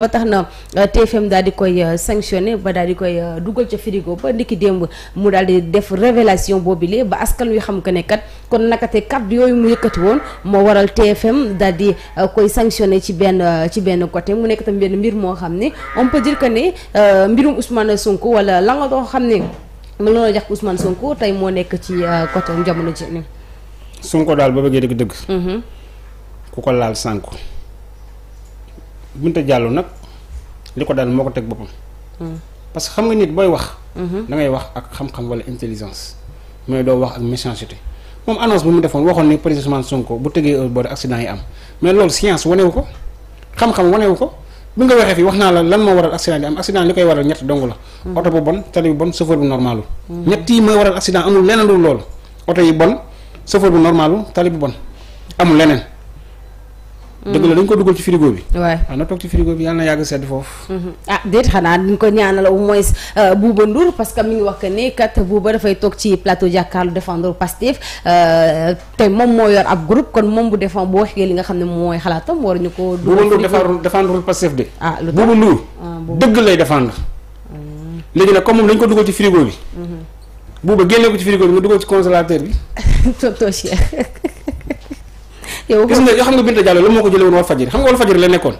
ba tax na euh, TFM daal di koy euh, sanctionné ba daal di koy euh, dugal ca frigo ba ndiki démb mu daal di def révélation boobile ba askan wi xam ko ne kat kon nakate kàddu yooyu mu yëkkati woon moo waral TFM daal di koy sanctionné ci benn ci benn côté mu nekk tam benn mbir moo xam ne on peut dire que ne mbirum Ousmane Sonko wala langa nga xam ne ma loolu jax Ousmane Sonko tey moo nekk ci côté jamono ji. Sonko daal ba bëggee dëgg-dëgg. Mhm. ku ko laal sànku. Binta Diallo nag li ko daal moo ko teg boppam. Hmm. parce que xam nga nit booy wax. Hmm. da wax ak xam-xam wala intelligence mais doo wax ak méchanceté moom annonce bi mu defoon waxoon ni président Ousmane Sonko bu tegee heure accident yi am mais loolu science wanewu ko xam-xam wanewu ko. bi nga waxee fii wax naa la lan moo waral accident bi am accident li koy waral ñett dong la. Hmm. oto bu bon tali bu bon chauffeur bu normalu ñett mooy waral accident amul leneen dëgg la mm. dañ ko dugal ci frigo bi. waay ah, waaw na toog ci frigo bi mm-hmm. ah, euh, que mi ngi wax que ni kat Bouba dafay toog ci plateau jàkkaarlu euh, moo yor ab groupe kon moom bu défend bu waxee li xam ne mooy xalaatam war ñu ko. Bouba Ndour de. ah lu tax Bouba Ndour ah, dëgg lay défendre. Mm-hmm. léegi nag comme moom dañ ko dugal ci frigo bi. Mm-hmm. Bouba génne ko ci frigo bi nga dugal ci congélateur bi. toto Cheikh. yow gis yoo xam nga Binta Diallo la moo ko jëlee woon wal fajir xam nga wal fajir la nekkoon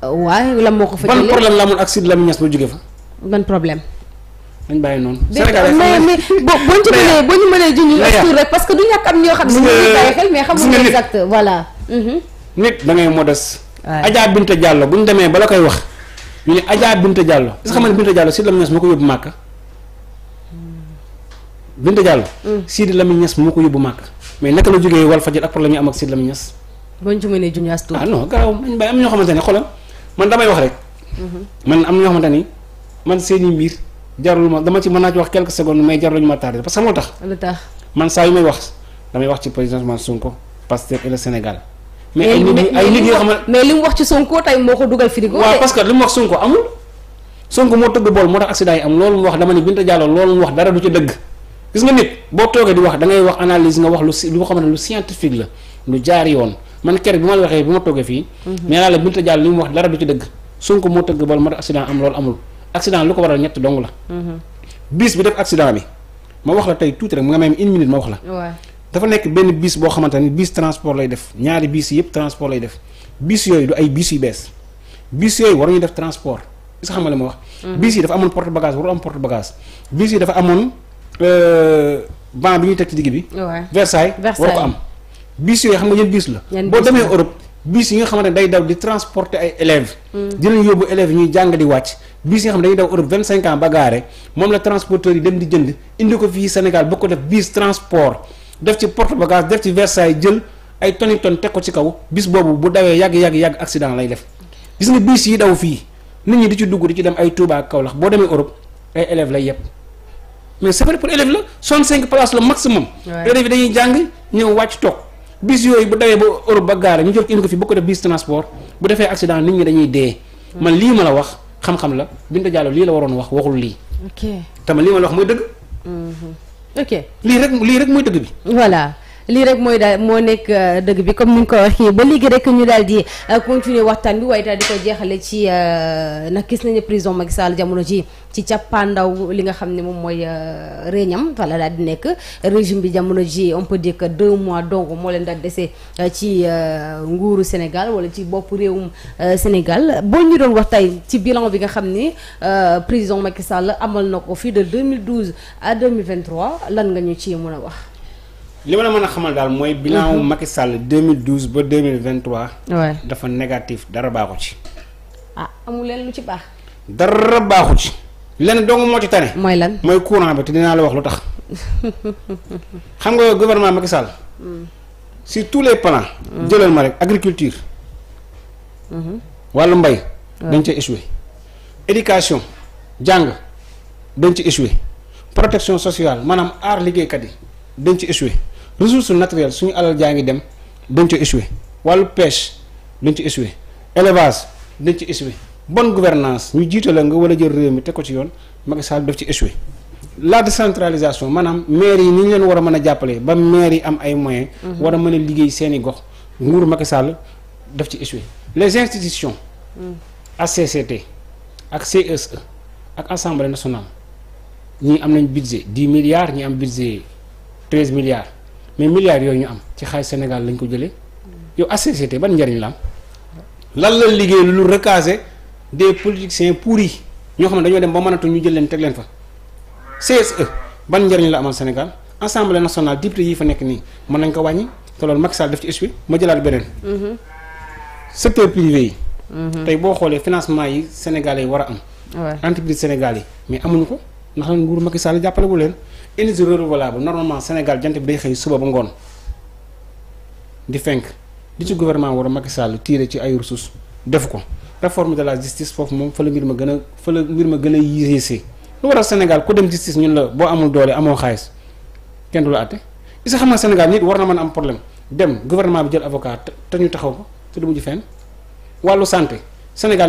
waaye lan moo ko fa jëlee ban problème la amoon ak Sidy ba jógee fa ban problème nañ bàyyi noonu Sénégal mais mais parce que du am ñoo xam ne ñu ngi bàyyi xel mais voilà mhm. nit da ngay modeste Adja Binta Diallo bu ñu demee ba la koy wax ñu ne Adja Binta Diallo est-ce que xam nga moo ko yóbbu Màkka Binta Diallo Sidy Lamine Niass moo ko yóbbu Màkka hmm. mais naka la jógee wal fajar ak problème yi am ak Sidy Lamine Niass. boo ñu ci mënee junj as tuuti. ah non garaaw man am ñoo xamante ne man damay wax rek. Mhm. man am ñoo xamante ni man seeni mbir jarul ma dama ci mën naa ci wax quelques secondes mais jarul ñu ma tardé parce que xam lu tax. man saa yu wax damay wax ci président Ousmane Sonko Pastef et le Sénégal. mais mais li mu wax ci Sonko tey moo ko dugal frigo. waaw parce que li mu wax Sonko amul. Sonko moo tëgg bool moo tax accident yi am loolu mu wax dama ni Binta Diallo loolu mu wax dara du ci dëgg gis nga nit boo toogee di wax da ngay wax analyse nga wax lu si lu xam ne lu scientifique la lu jaar yoon man kër bi ma la waxee bi ma toogee fii. mais mhm. naa la Binta Diallo li mu wax dara du ci dëgg Sonko moo tëgg bal moo tax accident la. Mhm. bis bi def accident bi ma wax la tey tuuti rek mu nga même une minute ma wax la. dafa nekk benn bis boo xamante ne transport lay def ñaari bis yëpp transport lay def bis yooyu du ay bis yu bees bis yooyu waruñu def transport. is xam nga ma wax. Mhm. bis yi dafa amoon porte bagage waru am porte bagage bis Euh, banc bi ñuy teg ci digg bi. waaw Versailles. Versailles war ko am. bis yooyu xam nga ñun bis la. boo demee Europe bis yi nga xamante ne day daw di transporter ay élèves. Hmm. dinañ yóbbu élèves yi ñuy jàng di wàcc. bis yi nga xam ne dañuy daw Europe vingt cinq ans ba moom la transporteur yi dem di jënd indi ko fii Sénégal boo ko def biis transport def ci porte bagage def ci Versailles jël ay toni ton teg ko ci kaw bis boobu bu dawee yàgg yàgg yàgg accident lay def. gis nga bis yi fii nit ñi di ci dugg di ci dem ay Touba ak boo demee Europe ay élèves yëpp. mais c'est vrai pour élève la soixante-cinq places le maximum. élèves yi dañuy jàng ñëw wàcc toog bis yooyu bu dawee ba Europe ba gaare ñu jël ko indi ko fi boo ko def bis transport bu defee accident nit ñi dañuy dee. man lii ma la wax xam-xam la Binta Diallo lii la waroon wax waxul lii. ok te man lii ma la wax mooy dëgg. Mhm. ok lii rek lii rek mooy dëgg bi. voilà. lii rek mooy daal moo nekk euh, dëgg bi comme ni ñu ko waxee ba léegi rek ñu daal di euh, continuer waxtaan bi waaye daal di ko jeexale ci euh, nag gis nañu prison Macky Sall jamono ji ci càppaandaw li nga xam ne moom mooy réñam wala daal di nekk régime bi jamono ji on peut dire que deux mois donc moo leen daal dese ci nguuru Sénégal wala ci bopp réewum Sénégal boo ñu doon wax tey ci bilan bi nga xam ni prison Macky Sall amal na ko fii de 2012 à 2023 lan nga ñu ci mën a wax. li ma la mën a xamal daal mooy. bilan wu mhm. Macky Sall 2012 ba 2023. waay dafa négatif dara baaxu ci. ah amul leen lu ci baax. dara baaxu ci. lenn dong moo ci tane. mooy lan mooy courant bi te dinaa la wax lu tax. xam nga gouvernement Macky Sall. Mm. sur tous les plans. Mm. jëlal ma rek agriculture. Mm-hmm. wàllu mbay. dañ ca échoué. éducation jàng dañ ci échoué. protection sociale maanaam aar liggéeykat yi dañ ci échoué. ressource naturelle suñu alal jaa ngi dem dañ ci échoué wàllu pêche dañ ci échoué élevage dañ ci échoué bon gouvernance ñu jiite la nga war a jël réew mi teg ko ci yoon Macky Sall def ci échoué la décentralisation maanaam maire yi ni ñu leen war a mën a jàppale ba maire yi am ay moyen mhm. war a mën a liggéey seeni gox nguur Macky Sall def ci échoué les institutions mm. ACCT ak CSE ak assemble nationale ñii am nañ budget dix milliards ñi am budget treize milliards mais milliards yooyu ñu am ci xaalis Sénégal lañ ko jëlee yow HCCT ban njariñ la am lan la liggéey lu recaser des politiciens pourris ñoo xam ne dañoo dem ba mënatu ñu jël leen teg leen fa CSE ban njëriñ la amal Sénégal assemblée nationale dipt yi fa nekk nii mën nañ ko wàññi te loolu Macky def ci esprit ma jëlaat beneen. Mhm. secteur privé yi. Mhm. tey boo xoolee financement yi Sénégalais yi war a am. entreprise Sénégal yi mais amuñu ko. ndax nag nguuru Macky Sall jàppale wu leen énergie bu normalement Sénégal jant bi day xëy suba ba ngoon di fenk di ci gouvernement war a Macky Sall tiire ci ay ressources def ko réforme de la justice foofu moom fa la mbir ma gën a fa la mbir ma gën a yéesee lu waral Sénégal ku dem justice ñun la boo amul doole amoo xaalis kenn du la àtte isa xam nga Sénégal nit war na man am problème dem gouvernement bi jël avocat te ñu taxaw ko te du mujj fenn wàllu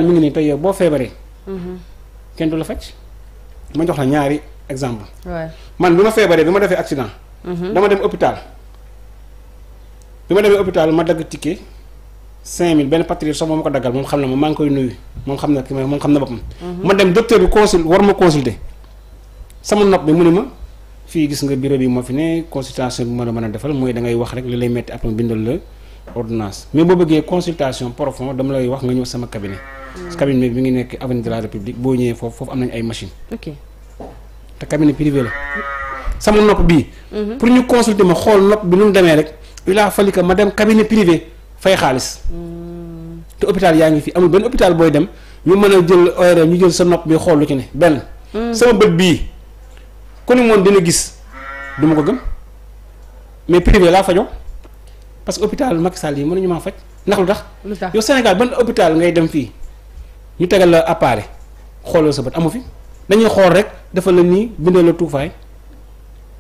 mi ngi nii tey boo feebaree. Mhm. la ma jox la ñaari exemple man bi ma feebaree bi ma defee accident. Mhm. dama dem hôpital bi ma demee hôpital ma dagg ticket cinq mille benn patriot sax moom ma ko daggal moom xam na ma maa ngi koy nuyu moom xam na ki moom xam na boppam. Mhm. ma dem docteur bi consul war ma consulter sama nopp bi mu ne ma fii gis nga biro bi moo fi ne consultation bi ma la mën a defal mooy dangay wax rek li lay metti après bindal la ordonnance mais boo bëggee consultation profonde dama lay wax nga ñëw sama cabinet. parce que cabinet bi ngi nekk avenue de la république boo ñëwee foofu foofu am nañu ay machine ok te cabinet privé la sama nopp bii. Mhm. pour ñu consulter ma xool nopp bi nu mu demee rek il a fallu ma dem cabinet privé fay xaalis. Mm. te hôpital yaa ngi fi amul benn hôpital booy dem ñu mën a jël ORL ñu jël sa nopp bi xool lu ci ne benn. Mm. sama bët bii ku ni moom dina gis du ma ko gëm mais privé laa fajoo parce que hôpital Macky Sall yi mënuñu maa faj ndax lu tax. lu tax yow Sénégal ban ngay dem fii ñu tegal la appareil xoolal sa bët amu fi dañuy xool rek dafa la nii bindal la tuufaay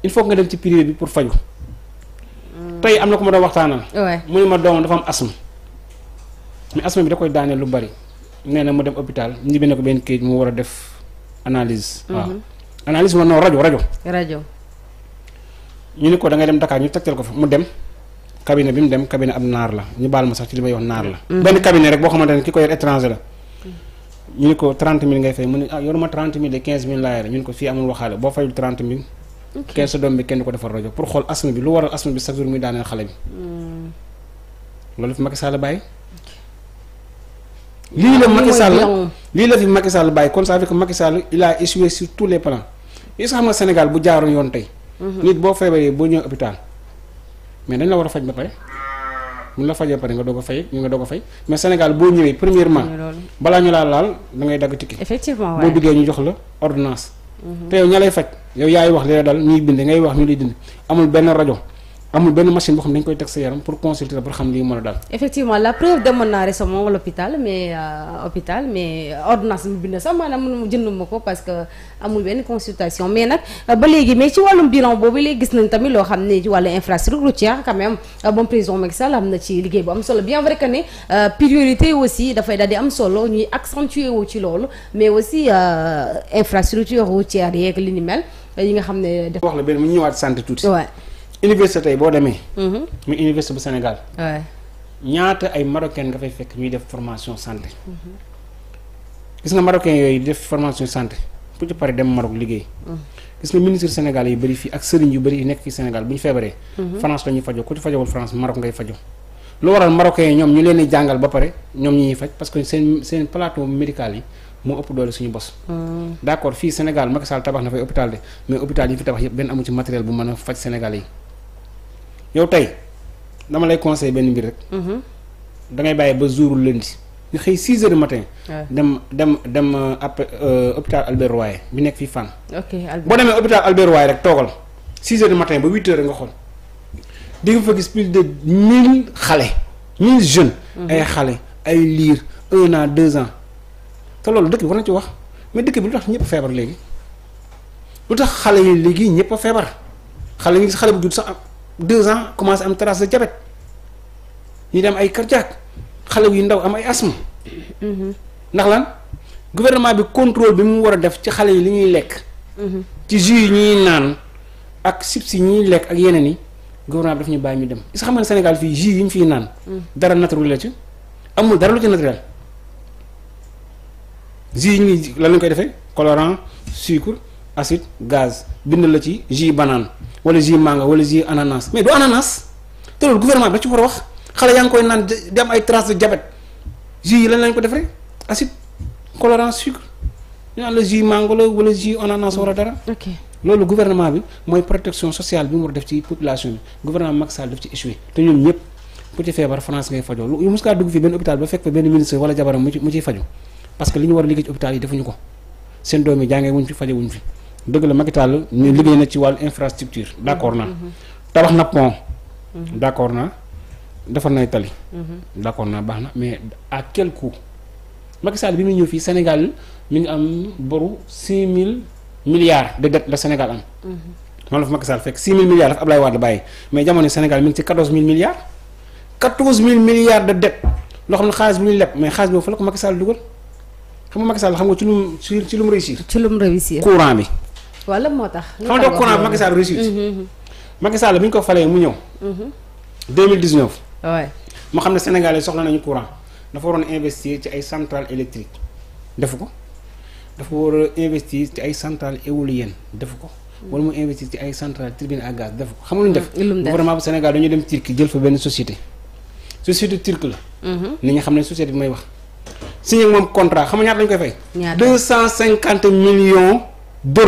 il faut nga dem ci privé bi pour faju hmm. tey am na ku ma doon waxtaanal. mu ne ma doomam dafa am asthme mais asthme bi da koy daaneel lu bari nee na mu dem hôpital ñu bind ko benn kayit mu war a def analyse. waaw ma mhm. non rajo rajo. rajo. ne ko da ngay dem Dakar ñu tegtal ko fa mu dem. cabinet bi mu dem cabinet ab naar la ñu baal ma sax ci li may wax naar la. Mhm. benn cabinet rek boo xamante ne ki ko yor étranger la. ñu ne ko 30000 ngay fay mu ne ah yoruma 30000 de 15000 laa yore ñu ne ko fii amul waxaale boo fayul 30000. ok kenn sa doom bi kenn du ko defar rajo pour xool asma bi lu waral asma bi chaque jour muy daaneel xale bi. Hmm. loolu fi Macky bàyyi. lii la fi Macky Sall bàyyi kon sa fait que Macky Sall il sur tous les plans yi xam nga Sénégal bu jaaroon yoon tey. Mhm. nit boo feebaree boo ñëw hôpital mais dañ la war a faj ba mu la fajee pare nga doog a fay ñu nga doog a fay mais Sénégal boo ñëwee premièrement. balaa ñu laa laal da ngay dagg tikki effectivement boo duggee ñu jox la ordonnance. Mhm. te yow ña lay faj yow yaay wax li la dal ñuy bind ngay wax ñu lay dind amul benn rajo. amul benn machine boo xam ne dañ koy teg sa yaram pour consulter pour xam li mën a daal. effectivement la preuve demoon naa récemment l'hôpital mais euh, hôpital mais euh, ordonnance mu bind sax maanaam jënd ma ko parce que amul benn consultation mais nag euh, ba léegi mais ci wàllum bilan boobu léegi gis nañ tamit loo xam ne ci wàllu infrastructure routière quand même am na ci liggéey bu am solo bien vrai que ne priorité aussi dafay daal di am solo ñuy accentuer wu ci loolu mais aussi infrastructure routière yeeg li ni mel yi nga xam ne. wax la benn mu ñëwaat santé tuuti. université tey boo demee. Mhm. mu université bu Sénégal. ñaata ay marocain nga fay fekk ñuy def formation santé. Mhm. gis nga marocain yooyu def formation santé bu ci pare dem Maroc liggéey. Mhm. gis nga ministre Sénégal yu bëri fii ak sëriñ yu bëri yu nekk fii Sénégal bu ñu feebaree. France la ñuy fajoo ku ci fajowul France Maroc ngay fajoo. lu waral marocain yi ñoom ñu leen jàngal ba pare ñoom ñi ñuy faj parce que seen seen plateau médical yi moo ëpp doole suñu bos. d' accord fii Sénégal Macky Sall tabax na yëpp benn amu ci matériel bu mën a faj Sénégal yow tey dama lay conseil benn mbir rek. Mhm. da bàyyi ba jour lundi ñu xëy 6 heures du matin. dem dem dem euh, ab euh, hôpital Albert Royer bi nekk fi fan ok Albert boo demee hôpital Albert Royer rek toogal 6 heures du matin ba 8 heures nga xool di fa gis plus de 1000 xale 1000 jeunes. Mhm. ay xale ay liir un an deux ans te loolu dëkk bi war na ci wax mais dëkk bi lu tax ñëpp feebar léegi lu tax xale yi léegi ñëpp a feebar xale yi xale bu judd sax deux ans commencé am trace de diabète ñu dem ay cardiaque xale yu ndaw am ay asthme. Mm-hmm. ndax lan gouvernement bi contrôle bi mu war a def ci xale yi li ñuy lekk. Mm-hmm. ci jus yi ñuy naan ak chips yi ñuy lekk ak yeneen yi gouvernement bi daf ñu bàyyi ñu dem is xam nga Sénégal fii jus yi ñu fiy naan. Mm-hmm. dara naturel la ci amul dara lu ci naturel. jus yi ñuy lan lañ koy defee colorant sucre acide gaz bind la ci jus banaan wala jus manga wala jus ananas mais du ananas te loolu gouvernement bi da ci war a wax xale yaa ngi koy naan di ay traces de diabète jus yi lan lañ ko defaree acide colorant sucre ñu naan la jus mango la wala jus ananas wala dara. loolu gouvernement bi mooy protection sociale bi mu war def ci population bi gouvernement Macky Sall daf ci échoué te ñoom ñëpp ku ci feebar France ngay fajoo lu mos dugg fii benn hôpital ba fekk fa benn ministre wala jabaram mu ci mu ciy a liggéey ko seen doom yi jàngee wuñ fi fi. dëgg la Macky Sall liggéey na ci wàllu infrastructure d' accord na mhm. tabax na pont mhm. d' accord na defar nay tali mhm. d' accord na baax na mais ak quel coût Macky bi muy ñëw fii Sénégal mu ngi am boru six mille milliards de dette la Sénégal am moom la fa Macky Sall fekk six mille milliards mi ngi ci quatorze mille de dette loo xam ne xaalis bi ñuy leb mais xaalis boobu fa la ko Macky dugal xam nga Macky xam nga ci lum ci lum réussir ci lum réussir courant bi waaw lan moo tax. xam nga courant bi Macky Sall réussite. Mm-hmm, mm-hmm. Macky Sall bi ñu ko falee mu ñëw. 2019. Mm-hmm. waay mu xam ne Sénégalais soxla nañu courant dafa waroon investir ci ay centrales électriques defu ko dafa a investir ci ay centrales éoliennes defu ko. wala mu investir ci ay centrales turbines à gaz defu koy fay. ñaata